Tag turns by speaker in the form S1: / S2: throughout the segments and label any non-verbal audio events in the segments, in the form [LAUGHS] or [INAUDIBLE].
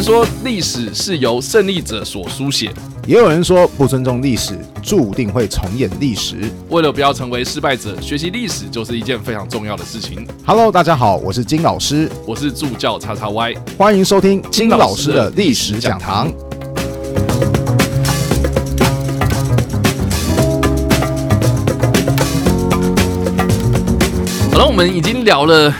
S1: 有人說，歷史是由勝利者所書寫，
S2: 也有人說，不尊重歷史，注定會重演歷史。
S1: 為了不要成為失敗者，學習歷史就是一件非常重要的事情。
S2: Hello，大家好，我是金老師，
S1: 我是助教叉叉 Y，
S2: 歡迎收聽金老師的歷史
S1: 講堂。講堂，好了，我們已經聊了。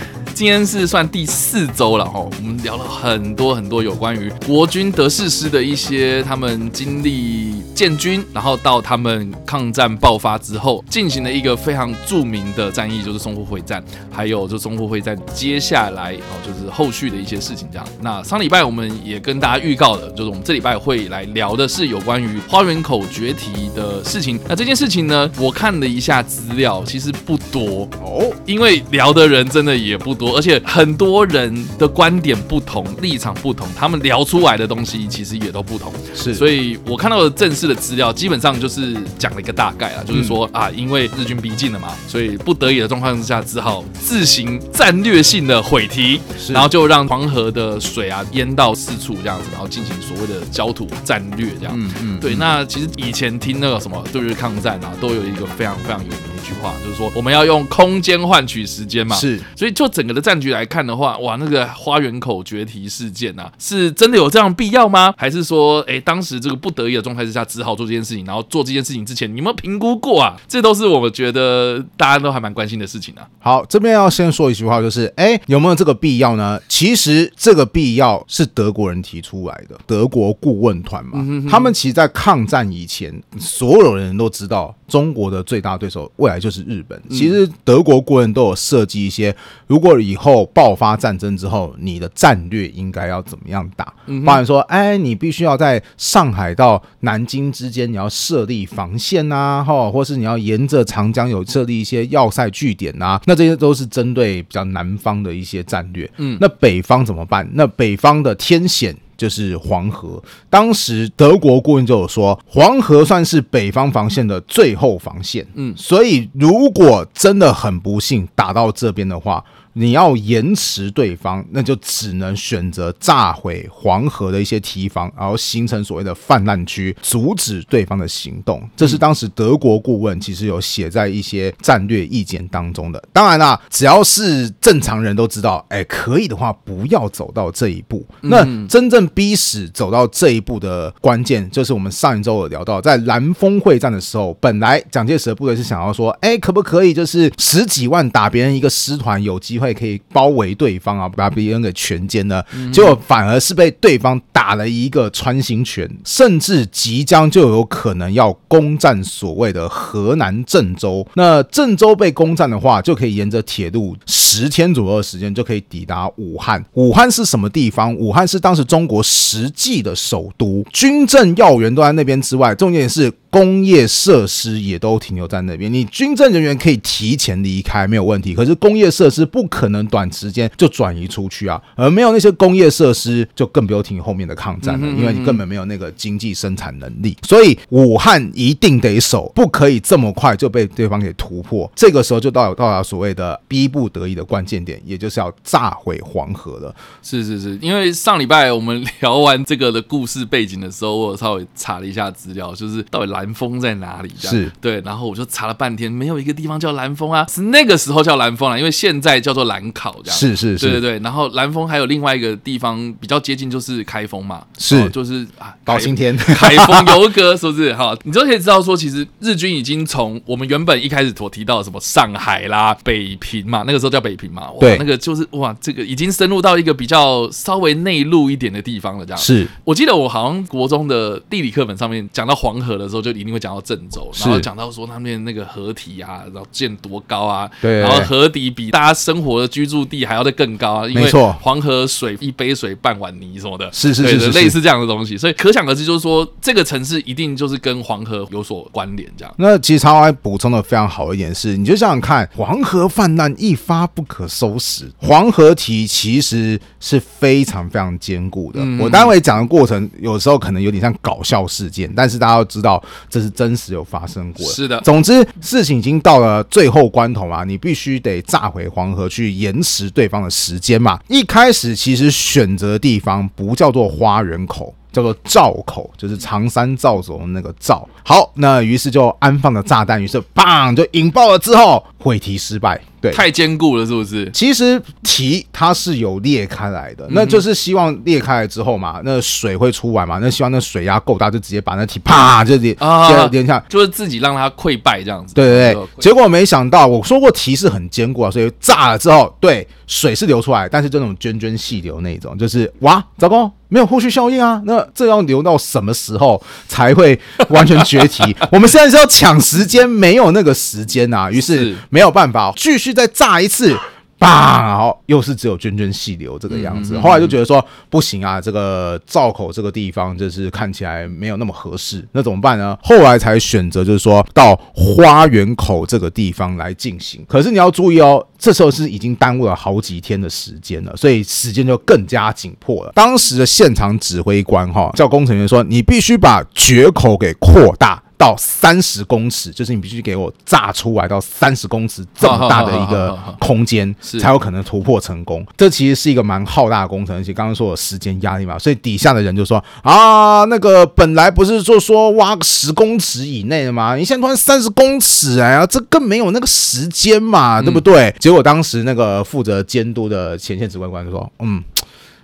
S1: 今天是算第四週了哈，我們聊了很多很多有關於國軍德式師的一些他們經歷。建軍，然後到他們抗戰爆發之後，進行了一個非常著名的戰役，就是淞滬會戰。還有就淞滬會戰接下來哦，就是後續的一些事情這樣。那上禮拜我們也跟大家預告了，就是我們這禮拜會來聊的是有關於花園口決堤的事情。那這件事情呢，我看了一下資料，其實不多哦，因為聊的人真的也不多，而且很多人的觀點不同，立場不同，他們聊出來的東西其實也都不同。是，所以我看到的正式。是的資料基本上就是講了一個大概啊，就是說啊，因為日軍逼近了嘛，所以不得已的狀況之下，只好自行戰略性的毀堤，然後就讓黃河的水啊淹到四處這樣子，然後進行所謂的焦土戰略這樣。嗯嗯，對。那其實以前聽那個什麼對日抗戰啊，都有一個非常非常有名。一句話就是說，我們要用空間換取時間嘛，是。所以就整個的戰局來看的話，哇，那個花園口決堤事件啊，是真的有這樣必要嗎？還是說，誒，當時這個不得已的狀態之下，只好做這件事情。然後做這件事情之前，你有沒有評估過啊？這都是我覺得大家都還蠻關心的事情啊。
S2: 好，這邊要先說一句話，就是誒、欸，有沒有這個必要呢？其實這個必要是德國人提出來的，德國顧問團嘛，他們其實，在抗戰以前，所有的人都知道。中國的最大對手未來就是日本。其實德國國人都有設計一些，如果以後爆發戰爭之後，你的戰略應該要怎麼樣打？嗯，包含說，哎，你必須要在上海到南京之間，你要設立防線吶，哈，或是你要沿着長江有設立一些要塞據點吶、啊。那這些都是針對比較南方的一些戰略。嗯，那北方怎麼辦？那北方的天險。就是黃河，當時德國顧問就有說，黃河算是北方防線的最後防線。嗯，所以如果真的很不幸打到這邊的話。你要延遲對方，那就只能選擇炸毀黃河的一些堤防，然後形成所謂的氾濫區，阻止對方的行動。這是當時德國顧問其實有寫在一些戰略意見當中的。當然啦，只要是正常人都知道，哎，可以的話不要走到這一步。那真正逼死走到這一步的關鍵，就是我們上一周有聊到，在蘭封會戰的時候，本來蔣介石的部隊是想要說，哎，可不可以就是十幾萬打別人一個師團，有機會。會可以包圍對方啊，把別人給全殲呢？結果反而是被對方打了一個穿心拳，甚至即將就有可能要攻占所謂的河南鄭州。那鄭州被攻占的話，就可以沿着鐵路十天左右的時間就可以抵達武漢。武漢是什麼地方？武漢是當時中國實際的首都，軍政要員都在那邊之外，重點是工業設施也都停留在那邊。你軍政人員可以提前離開，沒有問題。可是工業設施不可能短時間就轉移出去啊，而沒有那些工業設施，就更不用提後面的抗戰了，因為你根本沒有那個經濟生產能力。所以武漢一定得守，不可以這麼快就被對方給突破。這個時候就到了到達所謂的逼不得已的關鍵點，也就是要炸毀黃河了。
S1: 是是是，因為上禮拜我們聊完這個的故事背景的時候，我稍微查了一下資料，就是到底蘭封在哪裡？是對，然後我就查了半天，沒有一個地方叫蘭封啊，是那個時候叫蘭封啊，因為現在叫做。蘭考，這樣。是是是，對對對。然後蘭封還有另外一個地方比較接近，就是開封嘛，是、哦、就是啊，高興天開封，游哥是不是？好、哦，你就可以知道說，其實日軍已經從我們原本一開始所提到的什麼上海啦、北平嘛，那個時候叫北平嘛，哇對，那個就是哇，這個已經深入到一個比較稍微內陸一點的地方了，這樣是。我記得我好像國中的地理課本上面講到黃河的時候，就一定會講到鄭州，是然後講到說他們那個河堤啊，然後建多高啊，對，然後河底比大家生活。我的居住地還要再更高啊！沒錯，黃河水一杯水半碗泥什麼的，是是是，是，類似這樣的東西。是是是是，所以可想而知，就是說這個城市一定就是跟黃河有所關聯。
S2: 這樣。那其實常常還補充的非常好一點是，你就想想看，黃河氾濫一發不可收拾，黃河堤其實是非常非常堅固的。嗯嗯，我待會講的過程，有時候可能有點像搞笑事件，但是大家要知道這是真實有發生過的。是的，總之事情已經到了最後關頭啊，你必須得炸毀黃河去。去延遲對方的時間嘛。一開始其實選擇的地方不叫做花園口。叫做趙口，就是常山趙子龍的那個趙。好，那於是就安放了炸彈， [LAUGHS] 於是砰就引爆了。之後毀堤失敗，對，太
S1: 堅固了，是不是？其實堤
S2: 它是有裂開來的，嗯、哼那就是希望裂開來之後嘛，那水會出來嘛，那希望那水壓夠大，就直接把那堤啪就裂啊裂一下，
S1: 就是自己讓它潰敗這樣子。
S2: 對對對，敗結果沒想到，我說過堤是很堅固啊，所以炸了之後，對，水是流出來，但是這種涓涓細流那一種，就是哇，糟糕。沒有後續效應啊，那這要留到什麼時候才會完全決堤？ [LAUGHS] 我們現在是要搶時間，沒有那個時間啊，於是沒有辦法繼續再炸一次，砰，然後又是只有涓涓細流這個樣子。嗯嗯、後來就覺得說不行啊，這個灶口這個地方就是看起來沒有那麼合適，那怎麼辦呢？後來才選擇就是說到花園口這個地方來進行。可是你要注意哦。這時候是已經耽誤了好幾天的時間了，所以時間就更加緊迫了。當時的現場指揮官哈叫工程員說：“你必須把決口給擴大到三十公尺，就是你必須給我炸出來到三十公尺這麼大的一個空間，好好好好才有可能突破成功。是這其實是一個蠻浩大的工程，而且剛剛說的時間壓力嘛，所以底下的人就說：啊，那個本來不是就說挖個十公尺以內的嗎？你現在突然三十公尺，哎呀，這更沒有那個時間嘛，嗯、對不對？”結果當時那個負責監督的前線指揮官就說：“嗯，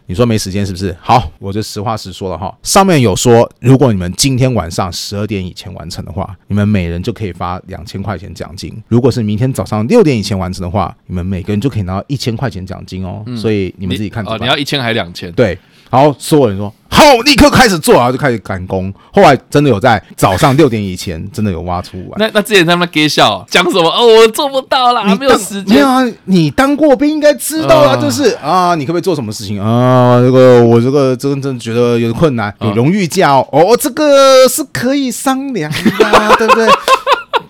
S2: 你說沒時間是不是？好，我就實話實說了哈。上面有說，如果你們今天晚上十二點以前完成的話，你們每人就可以發兩千塊錢獎金；如果是明天早上六點以前完成的話，你們每個人就可以拿到一千塊錢獎金哦、喔。嗯、所以你們自己看、嗯、哦，你要
S1: 一千還兩千？對。”
S2: 好，所有人說：“好，立刻開始做。”然後就開始趕工。後來真的有在早上六點以前 [LAUGHS] 真的有挖出來。
S1: 那那之前他們給笑講什麼？哦，我做不到啦，當沒有時間。沒有啊，你當過兵應該知道啦，呃、就
S2: 是啊、呃，你可不可以做什麼事情啊、呃？這個我這個真正覺得有點困難。有榮譽假哦，這個是可以商量的。 [LAUGHS] 對不對？ [LAUGHS]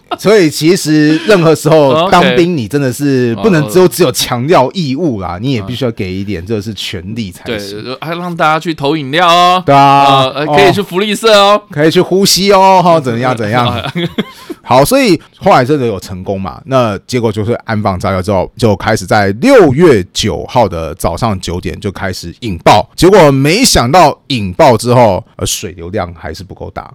S2: [LAUGHS] 所以其實任何時候當兵，你真的是不能只有只有強調義務啦，你也必須要給一點，就是權利才
S1: 行。對，還讓大家去投飲料哦，對啊、哦，可以去
S2: 福利社哦，可以去呼吸哦，怎樣怎樣。好，所以後來真的有成功嘛？那結果就是安放炸藥之後，就開始在六月九號的早上九點就開始引爆。結果沒想到引爆之後，呃，水流量還是不夠大。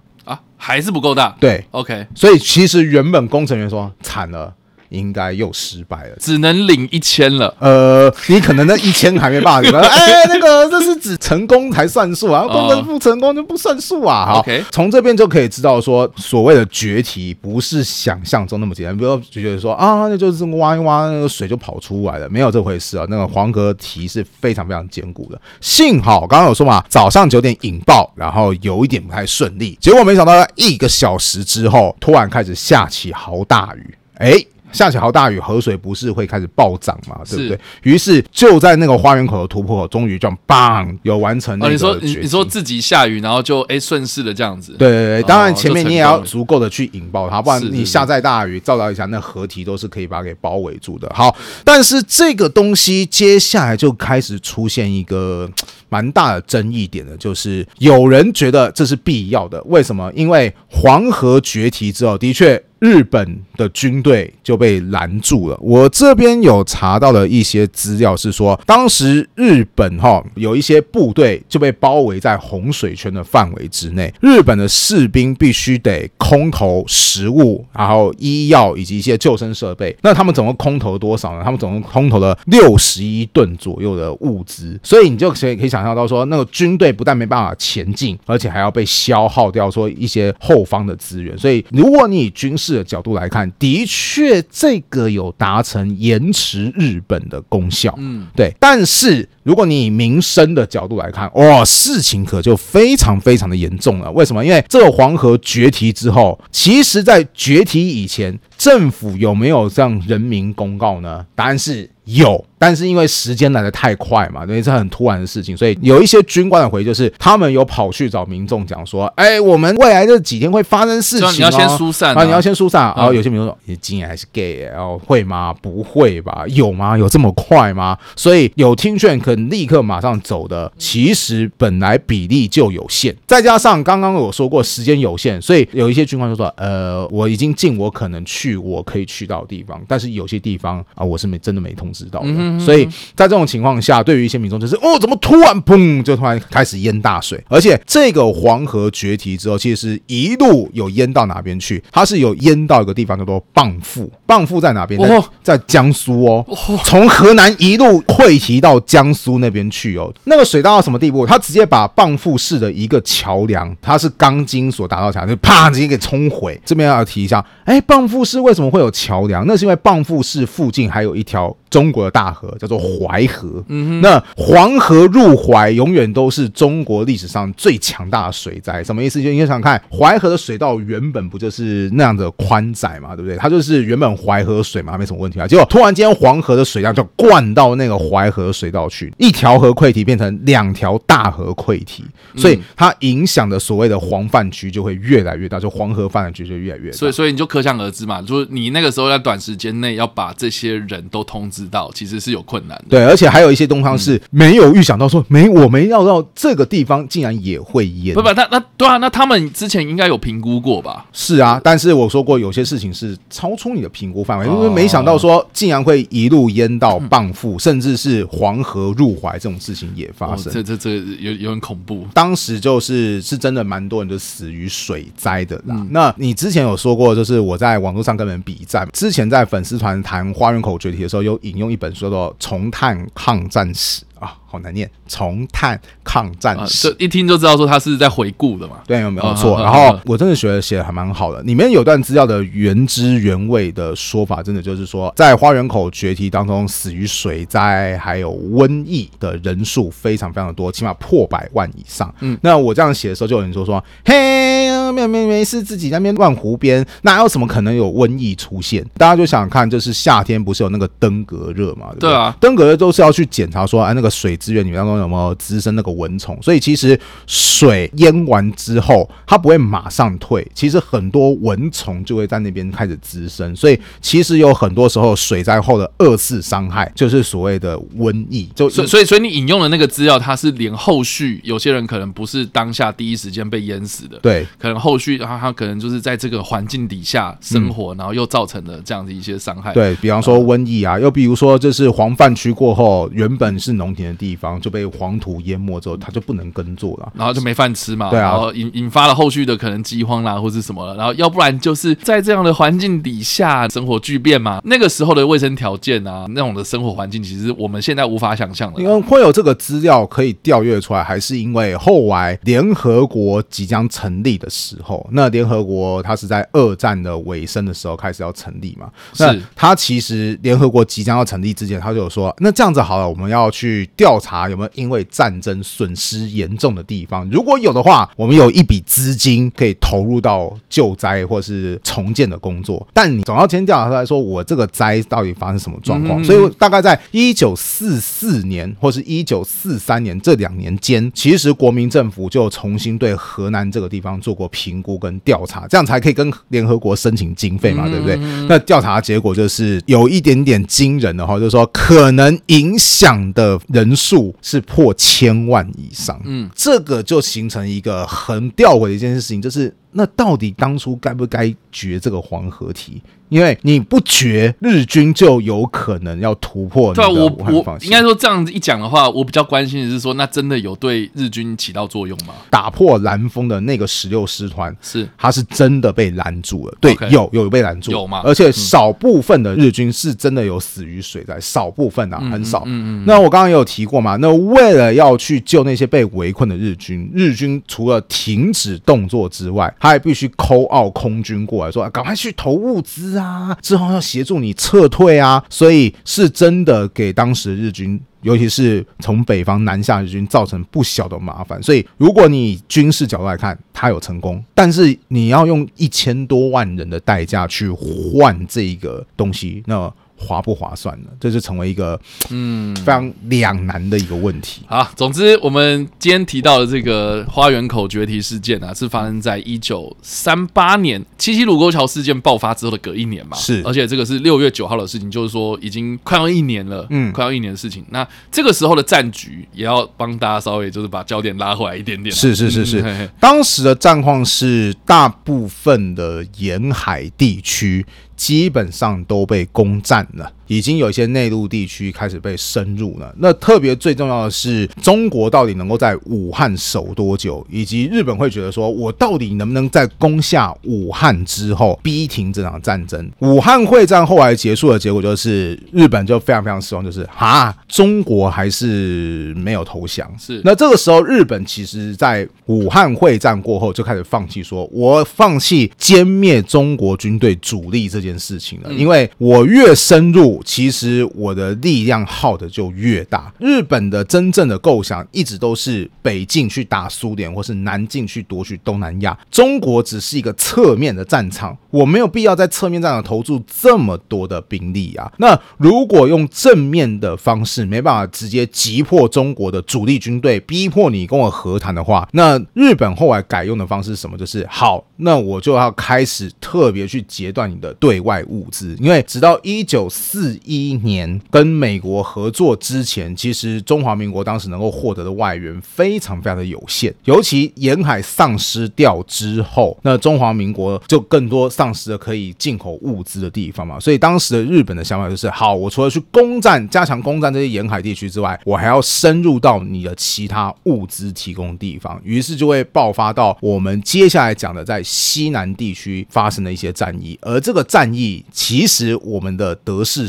S1: 還是不夠大，對，OK。所
S2: 以其實原本工程員說慘了，應該又失敗了，只
S1: 能領一千了。呃，你可能那一千還沒辦法。哎、 [LAUGHS] 欸，那
S2: 個這是指成功才算數啊，不能、oh. 不成功就不算數啊。好，從 Okay. 這邊就可以知道說，所謂的決堤不是想象中那麼簡單。不要就覺得說啊，那就是挖一挖那個水就跑出來了，沒有這回事啊。那個黃河堤是非常非常堅固的。幸好剛剛有說嘛，早上九點引爆，然後有一點不太順利，結果沒想到一個小時之後，突然開始下起豪大雨，哎、欸。下起好大雨，河水不是會開始暴漲嘛？對不對？是於是就在那個花園口的突破口，終於這樣嘣有完成那個、哦、你說
S1: 你，你說自己下雨，然後就誒順勢的這樣子。對，對，對、哦、當然前面你也要足夠的去引爆它，不然你下再大雨，對
S2: 對照到一下那河堤都是可以把它給包圍住的。好，但是這個東西接下來就開始出現一個蠻大的爭議點了，就是有人覺得這是必要的。為什麼？因為黃河決堤之後，的確。日本的軍隊就被攔住了。我這邊有查到的一些資料是說，當時日本哈有一些部隊就被包圍在洪水圈的範圍之內。日本的士兵必須得空投食物，然後醫藥以及一些救生設備。那他們總共空投了多少呢？他們總共空投了六十一噸左右的物資。所以你就可以可以想象到說，那個軍隊不但沒辦法前進，而且還要被消耗掉說一些後方的資源。所以如果你軍事的角度來看，的確這個有達成延遲日本的功效，嗯，對。但是如果你以民生的角度來看，哇、哦，事情可就非常非常的嚴重了。為什麼？因為這個黃河決堤之後，其實在決堤以前，政府有沒有向人民公告呢？答案是有。但是因為時間來得太快嘛，因為是很突然的事情，所以有一些軍官的回憶就是他們有跑去找民眾講說，哎，我們未來這幾天會發生事情、喔、你要先疏散啊！啊、你要先疏散啊！有些民眾說，你今年還是 gay？然、欸、後、喔、會嗎？不會吧？有嗎？有這麼快嗎？所以有聽勸，可能立刻馬上走的，其實本來比例就有限，再加上剛剛我說過時間有限，所以有一些軍官就說，呃，我已經盡我可能去，我可以去到的地方，但是有些地方啊，我是沒真的沒通知到的。嗯所以在這種情況下，對於一些民眾就是哦，怎麼突然砰就突然開始淹大水？而且這個黃河決堤之後，其實是一路有淹到哪邊去？它是有淹到一個地方叫做蚌埠。蚌埠在哪邊？在在江蘇哦。從河南一路潰堤到江蘇那邊去哦。那個水到什麼地步？它直接把蚌埠市的一個橋梁，它是鋼筋所打造起來，就啪直接給衝毀。這邊要提一下，哎、欸，蚌埠市為什麼會有橋梁？那是因為蚌埠市附近還有一條。中國的大河叫做淮河，嗯哼，那黃河入淮永遠都是中國歷史上最強大的水災，什麼意思？就你想看，淮河的水道原本不就是那樣的寬窄嘛，對不對？它就是原本淮河水嘛，沒什麼問題啊。結果突然間黃河的水量就灌到那個淮河水道去，一條河潰堤變成兩條大河潰堤，所以、嗯、它影響的所謂的黃泛區就會越來越大，就黃河泛的區就越來越大。
S1: 所以，所以你就可想而知嘛，就是你那個時候在短時間內要把這些人都通知。知道其實是有困難的，
S2: 對，而且還有一些東方是沒有預想到，說沒，我沒料到,到這個地方竟然也會淹、嗯。不不，
S1: 那那對啊，那他們之前應該有評估過吧？
S2: 是啊，但是我說過，有些事
S1: 情是超
S2: 出你的評估範圍，因為、哦、沒想到說竟然會一路淹到蚌埠，嗯、甚至是黃河入淮這種事情也發生。哦、這這這有有點恐怖。當時就是是真的蠻多人就死於水災的。啦。嗯、那你之前有說過，就是我在網絡上跟人筆戰，之前在粉絲團談花園口決堤的時候，有一。引用一本書叫做《重探抗戰史》啊。好難念，重探抗戰
S1: 史，啊、一聽就知道說他是在回顧
S2: 的嘛。對，沒有錯。嗯、然後我真的覺得寫的還蠻好的，嗯、裡面有段資料的原汁原味的說法，真的就是說，在花園口決堤當中，死於水災還有瘟疫的人數非常非常多，起碼破百萬以上。嗯，那我這樣寫的時候，就有人說說，嗯、嘿，沒有沒有沒事，是自己那邊亂湖邊，那有什麼可能有瘟疫出現？大家就想看，就是夏天不是有那個登革熱嘛。對，對，對啊，登革熱都是要去檢查說，哎、啊，那個水。資源，裡面當中有沒有滋生那個蚊蟲？所以其實水淹完之後，它不會馬上退，其實很多蚊蟲就會在那邊開始滋生，所以其實有很多時候，水災後的二次傷害就是所謂的瘟疫。就所所以所
S1: 以你引用的那個資料，它是連後續有些人可能不是當下第一時間被淹死的，對，可能後續的話，他可能就是在這個環境底下生活，嗯、然後又造成了這樣子一些傷害，對
S2: 比方說瘟疫啊，又比如說就是黃泛區過後原本是農田的地。地方就被黃土淹沒之後，他就不能耕作了，然後就沒飯吃嘛，對啊、然後
S1: 引引發了後續的可能饑荒啦，或者什麼了，然後要不然就是在這樣的環境底下生活巨變嘛。那個時候的衛生條件啊，那種的生活環境，其實我們現在無法想象
S2: 了。因為、嗯、會有這個資料可以調閱出來，還是因為後來聯合國即將成立的時候，那聯合國它是在二戰的尾聲的時候開始要成立嘛？是它其實聯合國即將要成立之前，他就有說，那這樣子好了，我們要去調。查有沒有因為戰爭損失嚴重的地方，如果有的話，我們有一筆資金可以投入到救災或是重建的工作。但你總要先調查出來說，說我這個災到底發生什麼狀況。嗯嗯嗯。所以大概在一九四四年或是一九四三年這兩年間，其實國民政府就重新對河南這個地方做過評估跟調查，這樣才可以跟聯合國申請經費嘛，對不對？嗯嗯嗯。那調查結果就是有一點點驚人的話，就是說可能影響的人數。是破千萬以上，嗯，這個就形成一個很弔詭的一件事情，就是那到底當初該不該決這個黃河堤？因為你不決日軍就有可能要突破。對，我我應
S1: 該說，這樣子一講的話，我比較關心的是說，那真的有對日軍起到作用嗎？
S2: 打破蘭封的那個十六師團是，他是真的被攔住了。對，有有被攔住，有嗎？而且少部分的日軍是真的有死於水災，少部分啊，很少。嗯那我剛剛也有提過嘛，那為了要去救那些被圍困的日軍，日軍除了停止動作之外，他還必須摳澳空軍過來說，趕快去投物資啊。啊，之後要協助你撤退啊，所以是真的給當時日軍，尤其是從北方南下日軍造成不小的麻煩。所以，如果你以軍事角度來看，他有成功，但是你要用一千多萬人的代價去換這個東西，那。划不划算呢？這就成為一個嗯非常兩難的一個問題、嗯。
S1: 好，總之我們今天提到的這個花園口決堤事件呢、啊，是發生在一九三八年七七盧溝橋事件爆發之後的隔一年嘛？是，而且這個是六月九號的事情，就是說已經快要一年了，嗯，快要一年的事情。那這個時候的戰局也要幫大家稍微就是把焦點拉回來一點點、啊。是是是是，嗯、嘿嘿，當時
S2: 的戰況是大部分的沿海地區，基本上都被攻占了。已經有一些內陸地區開始被深入了。那特別最重要的是，中國到底能夠在武漢守多久，以及日本會覺得說，我到底能不能在攻下武漢之後逼停這場戰爭？武漢會戰後來結束的結果就是，日本就非常非常失望，就是啊，中國還是沒有投降。是那這個時候，日本其實在武漢會戰過後就開始放棄，說我放棄殲滅中國軍隊主力這件事情了，因為我越深入。其實我的力量耗的就越大。日本的真正的構想一直都是北進去打蘇聯，或是南進去奪取東南亞。中國只是一個側面的戰場，我沒有必要在側面戰場投注這麼多的兵力啊。那如果用正面的方式沒辦法直接擊破中國的主力軍隊，逼迫你跟我和談的話，那日本後來改用的方式是什麼？就是好，那我就要開始特別去截斷你的對外物資，因為直到一九四。四一年跟美國合作之前，其實中華民國當時能夠獲得的外援非常非常的有限，尤其沿海喪失掉之後，那中華民國就更多喪失了可以進口物資的地方嘛。所以當時的日本的想法就是：好，我除了去攻佔、加強攻佔這些沿海地區之外，我還要深入到你的其他物資提供地方。於是就會爆發到我們接下來講的在西南地區發生的一些戰役。而這個戰役，其實我們的德式。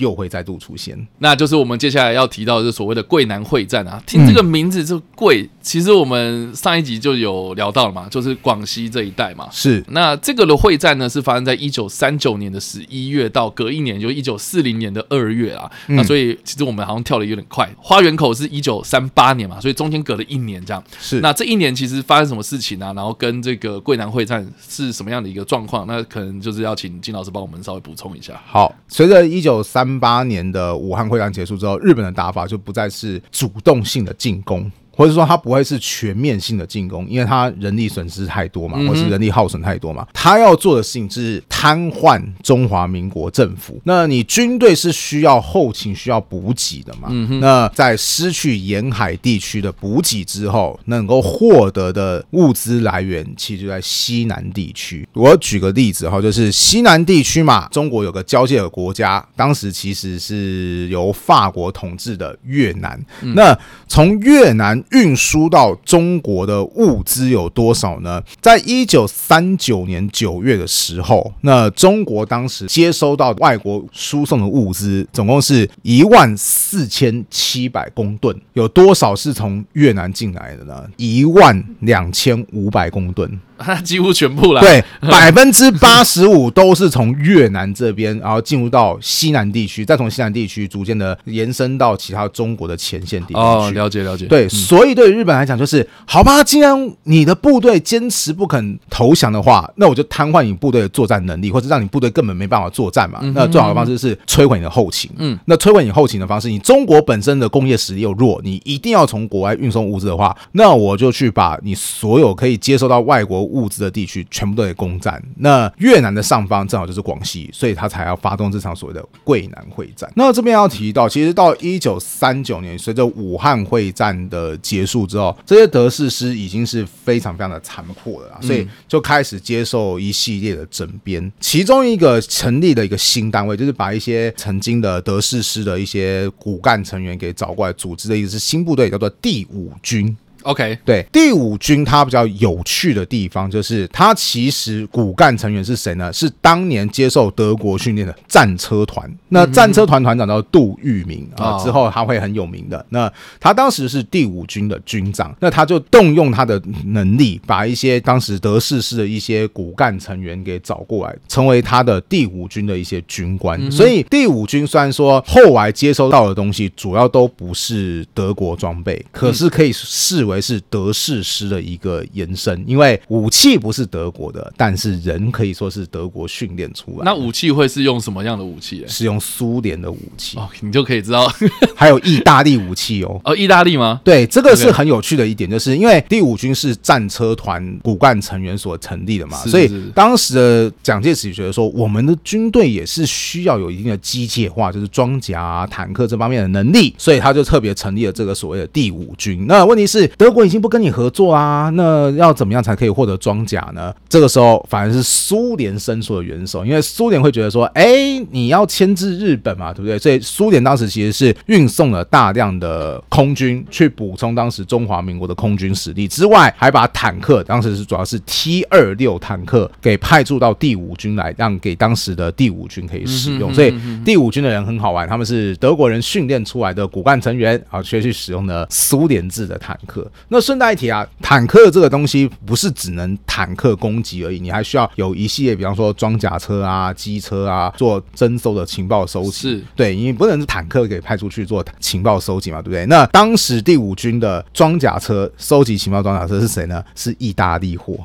S2: 又會再度出現，
S1: 那就是我們接下來要提到的所謂的桂南會戰啊。聽這個名字，就桂，其實我們上一集就有聊到了嘛，就是廣西這一帶嘛。是，那這個的會戰呢，是發生在一九三九年的十一月到隔一年，就一九四零年的二月啊。那所以其實我們好像跳的有點快，花園口是一九三八年嘛，所以中間隔了一年這樣。是，那這一年其實發生什麼事情啊？然後跟這個桂南會戰是什麼樣的一個狀況？那可能就是要請金老師幫我們稍微補充一下。
S2: 好，隨着一九三。三八年的武漢會戰結束之後，日本的打法就不再是主動性的進攻。或者說他不會是全面性的進攻，因為他人力損失太多嘛，或是人力耗損太多嘛。嗯哼。他要做的事情是癱瘓中華民國政府。那你軍隊是需要後勤、需要補給的嘛？嗯哼。那在失去沿海地區的補給之後，能夠獲得的物資來源其實就在西南地區。我舉個例子哈，就是西南地區嘛，中國有個交界的國家，當時其實是由法國統治的越南。嗯、那從越南。運輸到中國的物資有多少呢？在一九三九年九月的時候，那中國當時接收到外國輸送的物資總共是一萬四千七百公噸。有多少是從越南進來的呢？一萬兩千五百公噸。
S1: 幾乎全部啦。對，百分之八
S2: 十五都是從越南這邊， [LAUGHS] 然後進入到西南地區，再從西南地區逐漸的延伸到其他中國的前線地區。哦，了解了解。對，所以對於日本來講就是，嗯、好吧，既然你的部隊堅持不肯投降的話，那我就癱瘓你部隊的作戰能力，或者讓你部隊根本沒辦法作戰嘛。嗯哼嗯哼。那最好的方式是摧毀你的後勤。嗯，那摧毀你後勤的方式，你中國本身的工業實力又弱，你一定要從國外運送物資的話，那我就去把你所有可以接收到外國。物資的地區全部都給攻佔，那越南的上方正好就是廣西，所以他才要發動這場所謂的桂南會戰。那這邊要提到，其實到一九三九年，隨着武漢會戰的結束之後，這些德式師已經是非常非常的殘酷了，所以就開始接受一系列的整編。嗯、其中一個成立的一個新單位，就是把一些曾經的德式師的一些骨幹成員給找過來組織的一個新部隊，叫做第五軍。OK，對，第五軍它比較有趣的地方就是它其實骨幹成員是誰呢？是當年接受德國訓練的戰車團。那戰車團團長叫杜聿明啊，嗯、哼之後他會很有名的。那他當時是第五軍的軍長，那他就動用他的能力，把一些當時德式式的一些骨幹成員給找過來，成為他的第五軍的一些軍官。嗯、哼所以第五軍雖然說後來接收到的東西主要都不是德國裝備，可是可以視為。為是德式師的一個延伸，因為武器不是德國的，但是人可以說是德國訓練出來的。
S1: 那武器會是用什麼樣的武器，欸？使用蘇聯的武器，哦，你就可以知道 [LAUGHS]
S2: 還有意大利武器哦。
S1: 哦，意大利嗎？對，這個是很
S2: 有趣的一點，Okay. 就是因為第五軍是戰車團骨幹成員所成立的嘛，是是是，所以當時的蔣介石也覺得說，我們的軍隊也是需要有一定的機械化，就是裝甲，啊、坦克這方面的能力，所以他就特別成立了這個所謂的第五軍。那問題是？德國已經不跟你合作啊，那要怎麼樣才可以獲得裝甲呢？這個時候反而是蘇聯伸出的援手，因為蘇聯會覺得說，哎、欸，你要牽制日本嘛，對不對？所以蘇聯當時其實是運送了大量的空軍去補充當時中華民國的空軍實力，之外還把坦克，當時是主要是 T 二六坦克給派駐到第五軍來，讓給當時的第五軍可以使用。所以第五軍的人很好玩，他們是德國人訓練出來的骨幹成員啊，學去使用的蘇聯製的坦克。那順帶一提啊，坦克這個東西不是只能坦克攻擊而已，你還需要有一系列，比方說裝甲車啊、機車啊，做徵收的情報收集。是對，你不能是坦克給派出去做情報收集嘛，對不對？那當時第五軍的裝甲車收集情報，裝甲車是誰呢？是意大利貨。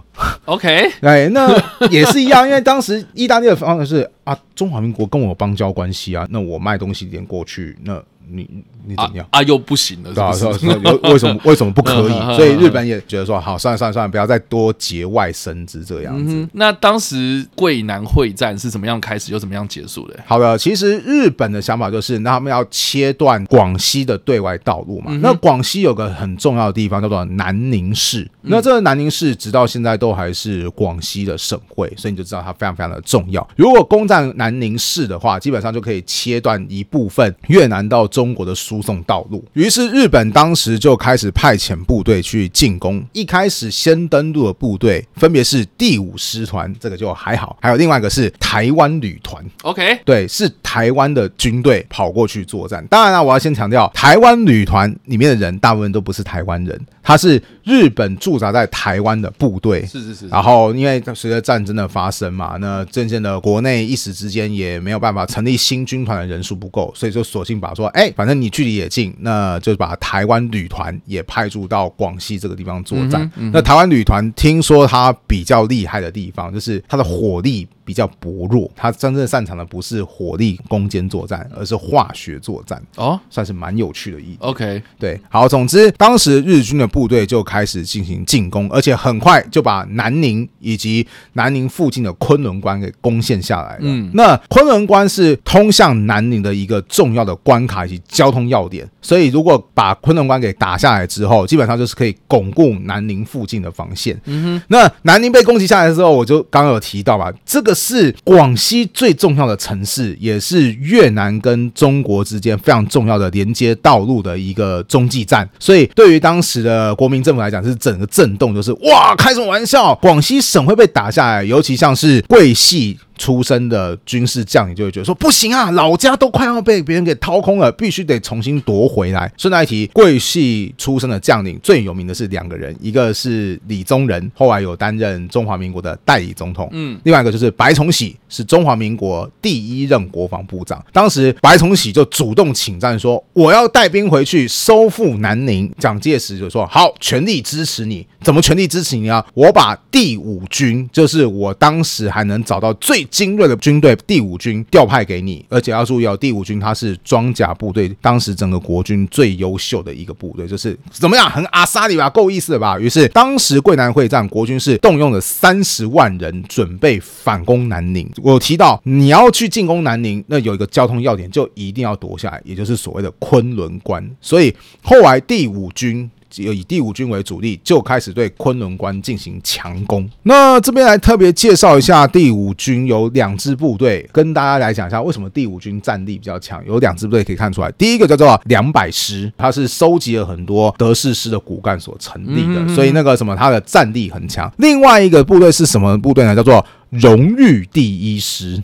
S2: OK，哎，那也是一樣，因為當時意大利的方式是啊，中華民國跟我有邦交關係啊，那我賣東西一點過去，那。你你怎樣啊，啊？又不行了是不是，是吧、啊？為什麼為什麼不可以？ [LAUGHS] 所以日本也覺得說，好，算了算了算了，不要再多節外生枝這樣子。嗯、
S1: 那當時桂南會戰是怎麼樣開始，又怎麼樣結束的？
S2: 好的，其實日本的想法就是，那他們要切斷廣西的對外道路嘛。嗯、哼那廣西有個很重要的地方叫做南寧市，嗯、那這個南寧市直到現在都還是廣西的省會，所以你就知道它非常非常的重要。如果攻占南寧市的話，基本上就可以切斷一部分越南到。中國的輸送道路，於是日本當時就開始派遣部隊去進攻。一開始先登陸的部隊分別是第五師團，這個就還好；還有另外一個是台灣旅團，OK，對，是台灣的軍隊跑過去作戰。當然啦，啊，我要先強調，台灣旅團裡面的人大部分都不是台灣人。它是日本駐紮在台灣的部隊，是是是，是。然後，因為隨着戰爭的發生嘛，那漸漸的國內一時之間也沒有辦法成立新軍團的人數不夠，所以就索性把說，哎，反正你距離也近，那就把台灣旅團也派駐到廣西這個地方作戰。嗯嗯、那台灣旅團聽說它比較厲害的地方，就是它的火力，比較薄弱，他真正擅長的不是火力攻堅作戰，而是化學作戰哦，算是蠻有趣的一點。OK 對，好，總之當時日軍的部隊就開始進行進攻，而且很快就把南寧以及南寧附近的昆崙關給攻陷下來了。嗯，那昆崙關是通向南寧的一個重要的關卡以及交通要點，所以如果把昆崙關給打下來之後，基本上就是可以鞏固南寧附近的防線。嗯哼，那南寧被攻擊下來之後，我就剛剛有提到吧這個。是廣西最重要的城市，也是越南跟中國之間非常重要的連接道路的一個中繼站。所以，對於當時的國民政府來講，是整個震動，就是哇，開什麼玩笑？廣西省會被打下來，尤其像是桂系。出身的軍事將領就會覺得說，不行啊，老家都快要被別人給掏空了，必須得重新奪回來。順帶一提，桂系出身的將領最有名的是兩個人，一個是李宗仁，後來有擔任中華民國的代理總統，嗯，另外一個就是白崇禧，是中華民國第一任國防部長。當時白崇禧就主動請戰說，我要帶兵回去收復南寧。蔣介石就說好，全力支持你。怎麼全力支持你啊？我把第五軍，就是我當時還能找到最精銳的軍隊第五軍調派給你，而且要注意哦，第五軍它是裝甲部隊，當時整個國軍最優秀的一個部隊，就是怎麼樣，很阿薩里吧，夠意思了吧？於是當時桂南會戰，國軍是動用了三十萬人準備反攻南寧。我有提到你要去進攻南寧，那有一個交通要點就一定要奪下來，也就是所謂的昆崙關。所以後來第五軍。以第五軍為主力，就開始對崑崙關進行強攻。那這邊來特別介紹一下第五軍，有兩支部隊，跟大家來講一下為什麼第五軍戰力比較強。有兩支部隊可以看出來，第一個叫做兩百師，它是收集了很多德式師的骨幹所成立的，所以那個什麼，它的戰力很強。另外一個部隊是什麼部隊呢？叫做榮譽第一師。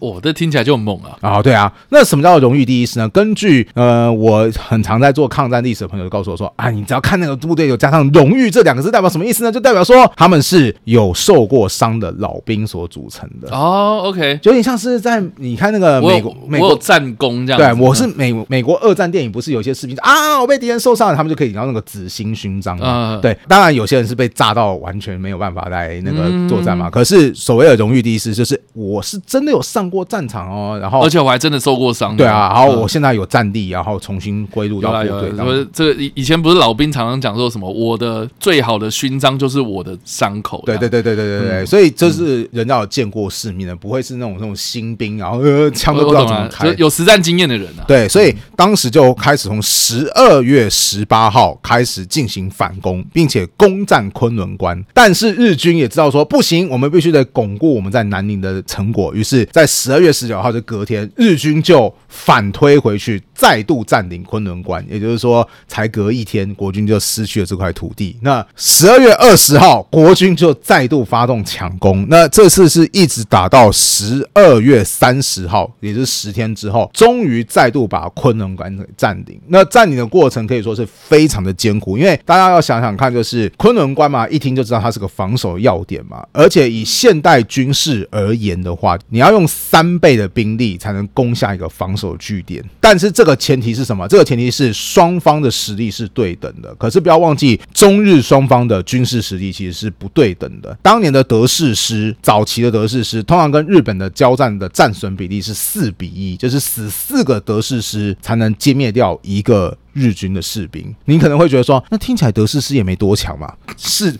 S1: 哦，這聽起來就很猛
S2: 啊！啊、哦，對啊，那什麼叫榮譽第一師呢？根據呃，我很常在做抗戰歷史的朋友就告訴我說，啊，你只要看那個部隊有加上“榮譽”這兩個字，代表什麼意思呢？就代表說他們是有受過傷的老兵所組成的。
S1: 哦，OK，有點像是在你看
S2: 那個美國有美國有戰
S1: 功這樣。對，我是
S2: 美美國二戰電影，不是有些士兵啊,
S1: 啊，我被敵
S2: 人受傷了，他們就可以拿到那個紫心勳章嘛。嗯、呃，對，當然有些人是被炸到完全沒有辦法來那個作戰嘛。嗯、可是所謂的榮譽第一師，就是我是真的有上。過戰場哦，
S1: 然後而且我還真的受過傷、啊。對啊，然後我現
S2: 在有戰地，然後重新歸入到部隊。然
S1: 後這以前不是老兵常常講說什麼，我的最好的勳章就是我的傷口。對
S2: 對對對對對對，嗯、所以這是人家有見過世面的，嗯、不會是那種、嗯、那種新兵，然後呃呃槍都不知道怎麼開，啊、
S1: 有實戰經驗的人
S2: 啊。對，所以當時就開始從十二月十八號開始進行反攻，嗯、並且攻占昆崙關。但是日軍也知道說不行，我們必須得鞏固我們在南寧的成果，於是，在。十二月十九號這隔天，日軍就反推回去。再度佔領崑崙關，也就是說，才隔一天，國軍就失去了這塊土地。那十二月二十號，國軍就再度發動強攻。那這次是一直打到十二月三十號，也就是十天之後，終於再度把崑崙關給佔領。那佔領的過程可以說是非常的艱苦，因為大家要想想看，就是崑崙關嘛，一聽就知道它是個防守要點嘛。而且以現代軍事而言的話，你要用三倍的兵力才能攻下一個防守據點，但是這個。前提是什麼？這個前提是雙方的實力是對等的。可是不要忘記，中日雙方的軍事實力其實是不對等的。當年的德式師，早期的德式師，通常跟日本的交戰的戰損比例是四比一，就是死四個德式師才能殲滅掉一個。日軍的士兵，你可能會覺得說，那聽起來德式師也沒多強嘛？是，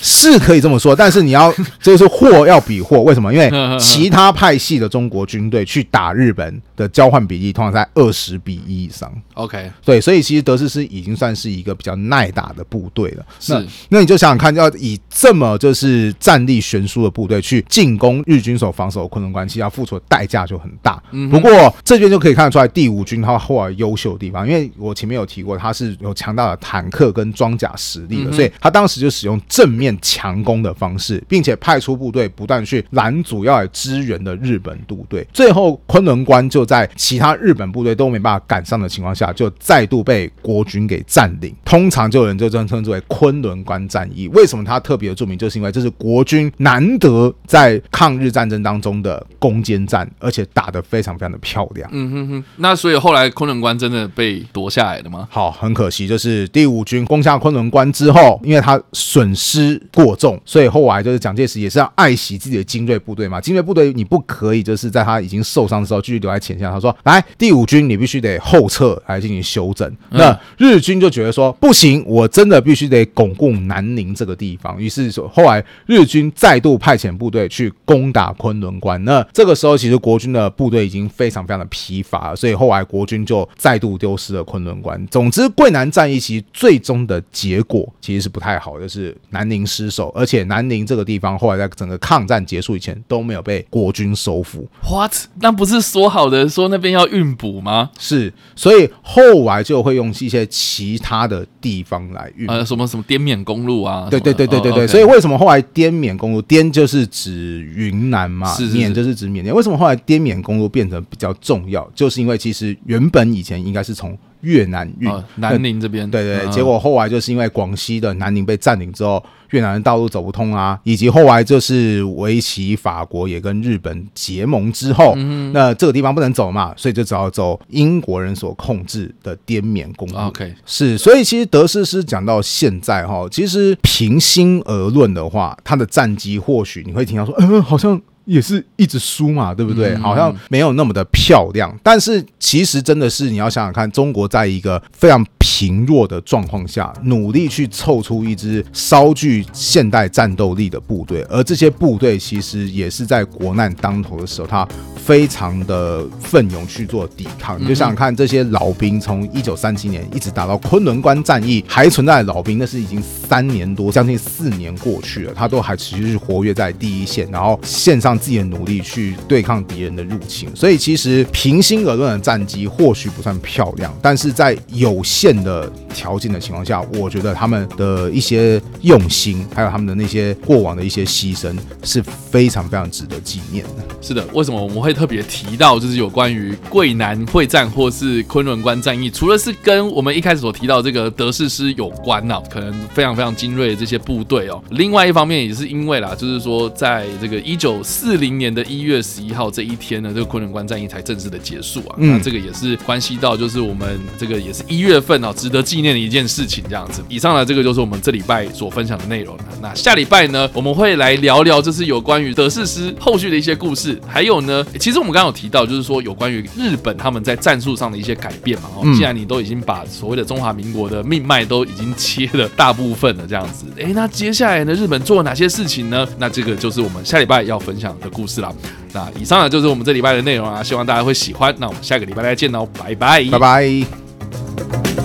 S2: 是可以這麼說，但是你要就是貨要比貨， [LAUGHS] 為什麼？因為其他派系的中國軍隊去打日本的交換比例通常在二十比一以上。OK，對，所以其實德式師已經算是一個比較耐打的部隊了。是，那，那你就想想看，要以這麼就是戰力懸殊的部隊去進攻日軍所防守的崑崙關，其實要付出的代價就很大。嗯、哼不過這邊就可以看得出來，第五軍他後來優秀的地方，因為我前沒有提過他是有強大的坦克跟裝甲實力的，所以他當時就使用正面強攻的方式，並且派出部隊不斷去攔阻要來支援的日本部隊。最後崑崙關就在其他日本部隊都沒辦法趕上的情況下，就再度被國軍給佔領。通常就有人就稱稱之為崑崙關戰役。為什麼它特別的著名？就是因為這是國軍難得在抗日戰爭當中的攻堅戰，而且打得
S1: 非常非常的漂亮。嗯哼哼，那所以後來崑崙關真的被奪下。來的嗎？好，很可
S2: 惜，就是第五軍攻下昆崙關之後，因為他損失過重，所以後來就是蔣介石也是要愛惜自己的精銳部隊嘛，精銳部隊你不可以就是在他已經受傷的時候繼續留在前線。他說：“來，第五軍，你必須得後撤來進行休整。那”那日軍就覺得說：“不行，我真的必須得鞏固南寧這個地方。”於是說，後來日軍再度派遣部隊去攻打昆崙關。那這個時候，其實國軍的部隊已經非常非常的疲乏了，所以後來國軍就再度丟失了昆崙關。總之，桂南戰役其實最終的結果其實是不太好的，就是南寧失守，而且南寧這個地方後來在整個抗戰結束以前都沒有被國軍收復。
S1: What？那不是說好的說那邊要運補嗎？是，所以後來就會用一些其他的地方來運。呃、啊，什麼什麼滇緬公路啊？對對對對對對。Oh, okay. 所以為
S2: 什麼後來滇緬公路，滇就是指雲南嘛，緬，是，就是指緬甸。為什麼後來滇緬公路變成比較重要？就是因為其實原本以前應該是從。越南越、哦、南南
S1: 寧這邊，對對，嗯、結果
S2: 後來就是因為廣西的南寧被佔領之後，越南的道路走不通啊，以及後來就是維琪法國也跟日本結盟之後，嗯、哼那這個地方不能走嘛，所以就只好走英國人所控制的滇緬公路。嗯、是，所以其實德式師講到現在哈、哦，其實平心而論的話，他的戰績或許你會聽到說，嗯，好像。也是一直輸嘛，對不對？嗯、好像沒有那麼的漂亮，但是其實真的是你要想想看，中國在一個非常貧弱的狀況下，努力去湊出一支稍具現代戰鬥力的部隊，而這些部隊其實也是在國難當頭的時候，他非常的奮勇去做抵抗。嗯、哼你就想想看，這些老兵從一九三七年一直打到昆崙關戰役，還存在老兵，那是已經三年多，將近四年過去了，他都還持續活躍在第一線，然後線上。自己的努力去對抗敵人的入侵，所以其實平心而論，的戰績或許不算漂亮，但是在有限的條件的情況下，我覺得他們的一些用心，還有他們的那些過往的一些犧牲，是非常非常值得紀念的。
S1: 是的，為什麼我們會特別提到就是有關於桂南會戰或是昆崙關戰役，除了是跟我們一開始所提到這個德式師有關啊，可能非常非常精銳的這些部隊哦。另外一方面也是因為啦，就是說在這個一九四。四零年的一月十一號這一天呢，這個昆崙關戰役才正式的結束啊。嗯、那這個也是關係到，就是我們這個也是一月份啊、哦，值得紀念的一件事情這樣子。以上呢，這個就是我們這禮拜所分享的內容了。那下禮拜呢，我們會來聊聊就是有關於德式師後續的一些故事。還有呢，欸、其實我們剛剛有提到，就是說有關於日本他們在戰術上的一些改變嘛。哦，嗯、既然你都已經把所謂的中華民國的命脈都已經切了大部分了這樣子，哎、欸，那接下來呢，日本做了哪些事情呢？那這個就是我們下禮拜要分享。的故事啦，那以上呢、啊、就是我們這禮拜的內容啊，希望大家會喜歡。那我們下個禮拜再見嘍，拜拜，拜拜。